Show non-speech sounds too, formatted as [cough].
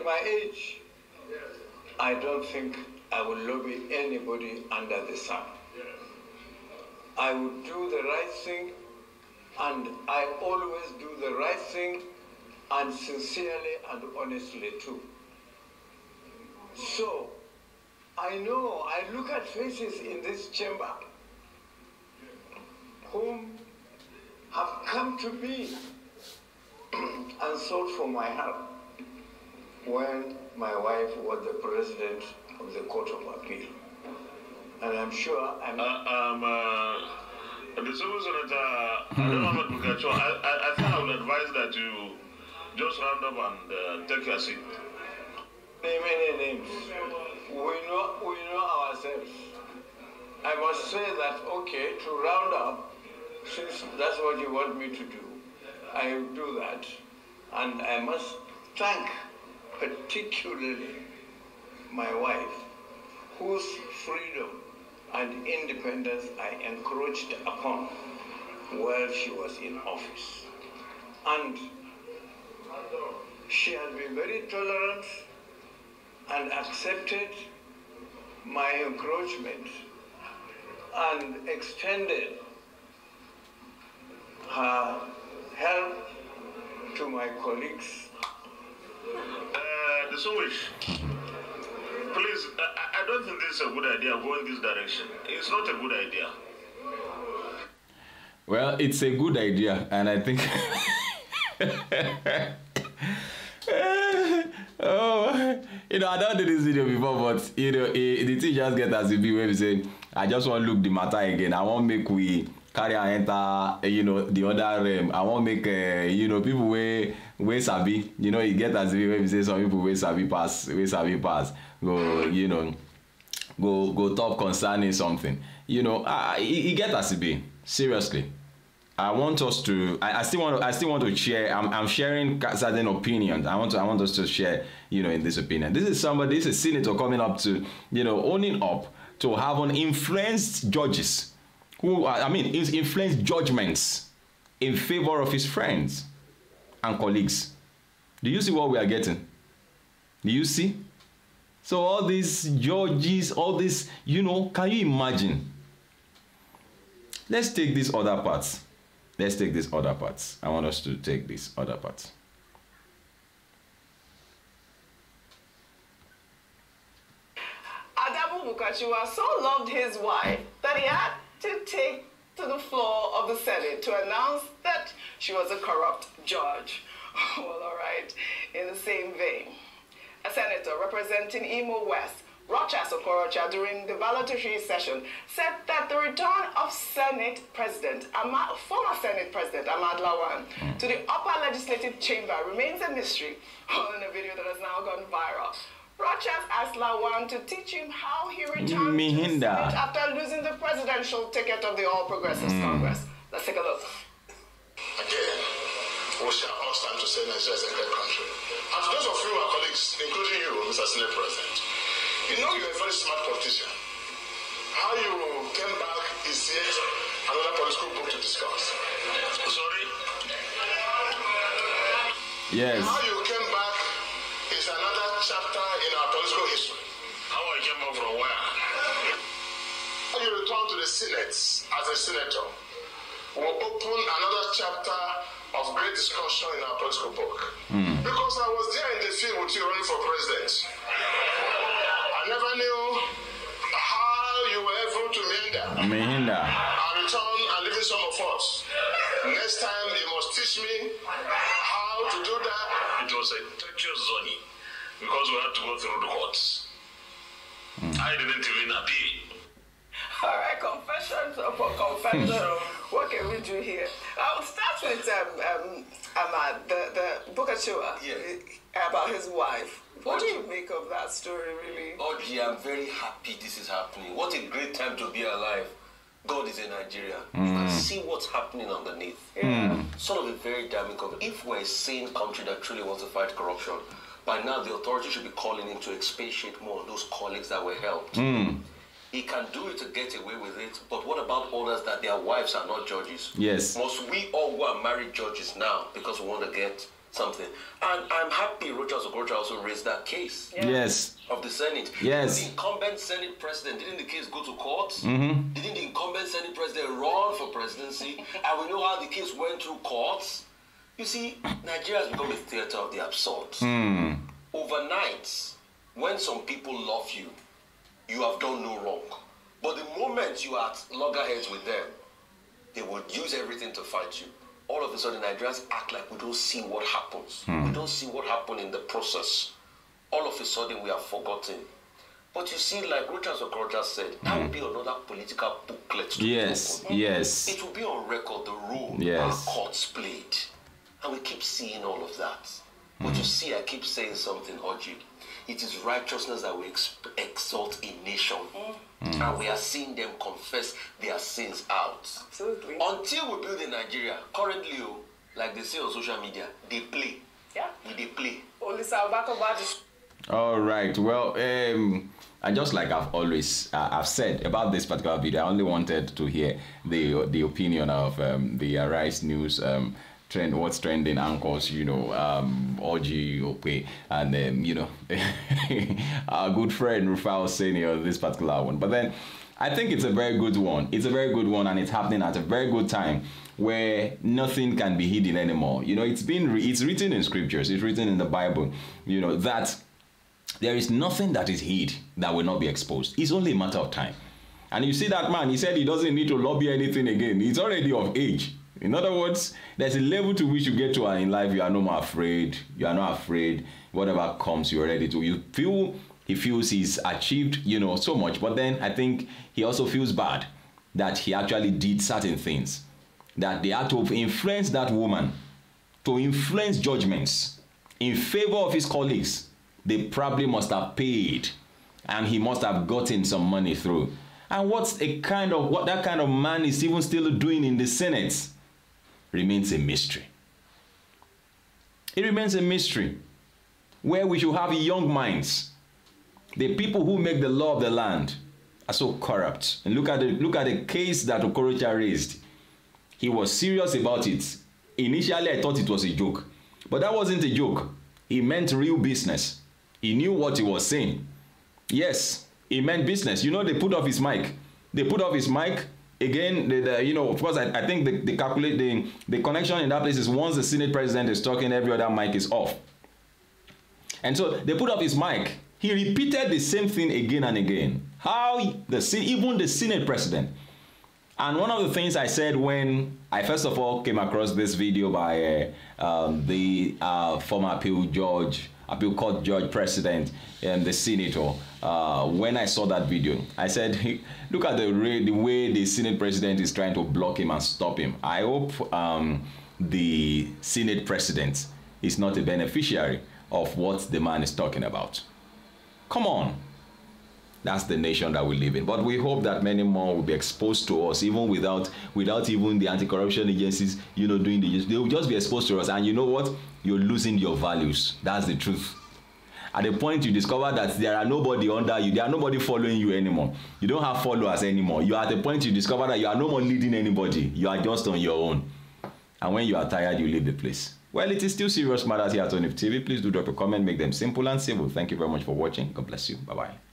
at my age, I don't think I will lobby anybody under the sun. I would do the right thing, and I always do the right thing, and sincerely and honestly too. So, I know, I look at faces in this chamber whom have come to me [clears throat] and sought for my help when my wife was the president of the Court of Appeal. And I'm sure I'm. Uh, um, uh, Senator, I don't know what to get you. I, I, I think I would advise that you just round up and uh, take your seat. Name any names. We know, we know ourselves. I must say that, okay, to round up, since that's what you want me to do, I will do that. And I must thank particularly my wife, whose freedom and independence I encroached upon while she was in office. And she has been very tolerant and accepted my encroachment and extended her help to my colleagues the Sowish. Please, I, I don't think this is a good idea going this direction. It's not a good idea. Well, it's a good idea, and I think. [laughs] oh, you know, I don't do this video before, but you know, it, eh, the thing just get as it be when we say, I just want to look the matter again. I want to make we carry am enter eh, you know the other realm i wan make uh, you know people wey wey sabi you know e get as if be wey be say some people wey sabi pass wey sabi pass go you know go go talk concerning something you know ah uh, e get as e be seriously i want us to i, I still want i still want to share i'm i'm sharing certain opinions i want to i want us to share you know in this opinion this is somebody this is senator coming up to you know owning up to having influenced judges who, I mean, he's influenced judgments in favor of his friends and colleagues. Do you see what we are getting? Do you see? So all these judges, all this, you know, can you imagine? Let's take this other part. Let's take this other part. I want us to take this other part. Adamu Mukachiwa so loved his wife that he had to take to the floor of the Senate to announce that she was a corrupt judge. [laughs] well, all right, in the same vein, a senator representing Imo West, Rochester, Okorocha, during the valedictory session, said that the return of Senate President, Ahmad, former Senate President Ahmad Lawan, to the upper legislative chamber remains a mystery, all [laughs] in a video that has now gone viral. Rochas Aslawan to teach him how he returned Mihinda. to Senate after losing the presidential ticket of the All Progressives mm. Congress. Let's take a look. Again, we shall all stand to say Nigeria is a great country. And those of you, are colleagues, including you, Mr. Senate President, you know you're a very smart politician. How you came back is yet another political book to discuss. Sorry? Yes. return to the Senate as a senator, will open another chapter of great discussion in our political book. Mm. Because I was there in the field with you running for president. I never knew how you were able to meander. I And return and leave some of us. Next time you must teach me how to do that. It was a tortuous journey because we had to go through the courts. Mm. I didn't even appeal. All right, confessions uh, for confession. Hmm. what can we do here? I'll start with um, um, Ahmad, the, the Bukachua, yeah. Eh, about his wife. What do you make of that story, really? Oh, I'm very happy this is happening. What a great time to be alive. God is in Nigeria. Mm. You can hmm. see what's happening underneath. Yeah. Mm. Sort of a very damning company. If we're a sane country that truly wants to fight corruption, by now the authorities should be calling in to expatiate more on those colleagues that were helped. Mm. He can do it to get away with it, but what about others that their wives are not judges? Yes. Must we all who are married judges now because we want to get something? And I'm happy Rogers Okocha also raised that case. Yeah. Yes. Of the Senate. Yes. the incumbent Senate president, didn't the case go to court? Mm-hmm. Didn't the incumbent Senate president run for presidency? [laughs] and we know how the case went through courts. You see, Nigeria has become a theater of the absurd. Mm. Overnight, when some people love you, you have done no wrong. But the moment you are at loggerheads with them, they would use everything to fight you. All of a sudden, Nigerians act like we don't see what happens. Mm. We hmm. don't see what happened in the process. All of a sudden, we are forgotten. But you see, like Richard Okorocha said, that would will hmm. be another political booklet. yes, yes. It will be on record the room, yes. our courts played. And we keep seeing all of that. Mm. But you hmm. see, I keep saying something, Oji. It is righteousness that we ex exalt a nation. Mm. And we are seeing them confess their sins out. Absolutely. Until we build in Nigeria, currently, oh, like they say on social media, they play. Yeah. They play. All right. Well, um, and just like I've always uh, I've said about this particular video, I only wanted to hear the the opinion of um, the Arise News um, trend what's trending uncles you know um okay, and um, you know [laughs] our good friend Rufal Senior this particular one but then I think it's a very good one it's a very good one and it's happening at a very good time where nothing can be hidden anymore you know it's been it's written in scriptures it's written in the Bible you know that there is nothing that is hid that will not be exposed it's only a matter of time and you see that man he said he doesn't need to lobby anything again he's already of age in other words, there's a level to which you get to in life, you are no more afraid, you are not afraid, whatever comes, you're ready to. You feel he feels he's achieved, you know, so much. But then I think he also feels bad that he actually did certain things. That they had to influence that woman, to influence judgments in favor of his colleagues. They probably must have paid and he must have gotten some money through. And what's a kind of what that kind of man is even still doing in the Senate? remains a mystery. It remains a mystery where we should have young minds. The people who make the law of the land are so corrupt. And look at the, look at the case that Okorocha raised. He was serious about it. Initially, I thought it was a joke. But that wasn't a joke. He meant real business. He knew what he was saying. Yes, he meant business. You know, they put off his mic. They put off his mic again, the, the, you know, of course, I, I think the, the calculate the, the connection in that place is once the Senate president is talking, every other mic is off. And so they put up his mic. He repeated the same thing again and again. How the even the Senate president. And one of the things I said when I first of all came across this video by uh, um, the uh, former appeal judge I will call judge, president, and um, the senator, uh, when I saw that video, I said, look at the, the, way the Senate president is trying to block him and stop him. I hope um, the Senate president is not a beneficiary of what the man is talking about. Come on that's the nation that we live in. But we hope that many more will be exposed to us, even without without even the anti-corruption agencies, you know, doing the they will just be exposed to us. And you know what? You're losing your values. That's the truth. At the point you discover that there are nobody under you, there are nobody following you anymore. You don't have followers anymore. You are at the point you discover that you are no more leading anybody. You are just on your own. And when you are tired, you leave the place. Well, it is still serious matters here at Onif TV. Please do drop a comment, make them simple and simple. Thank you very much for watching. God bless you. Bye-bye.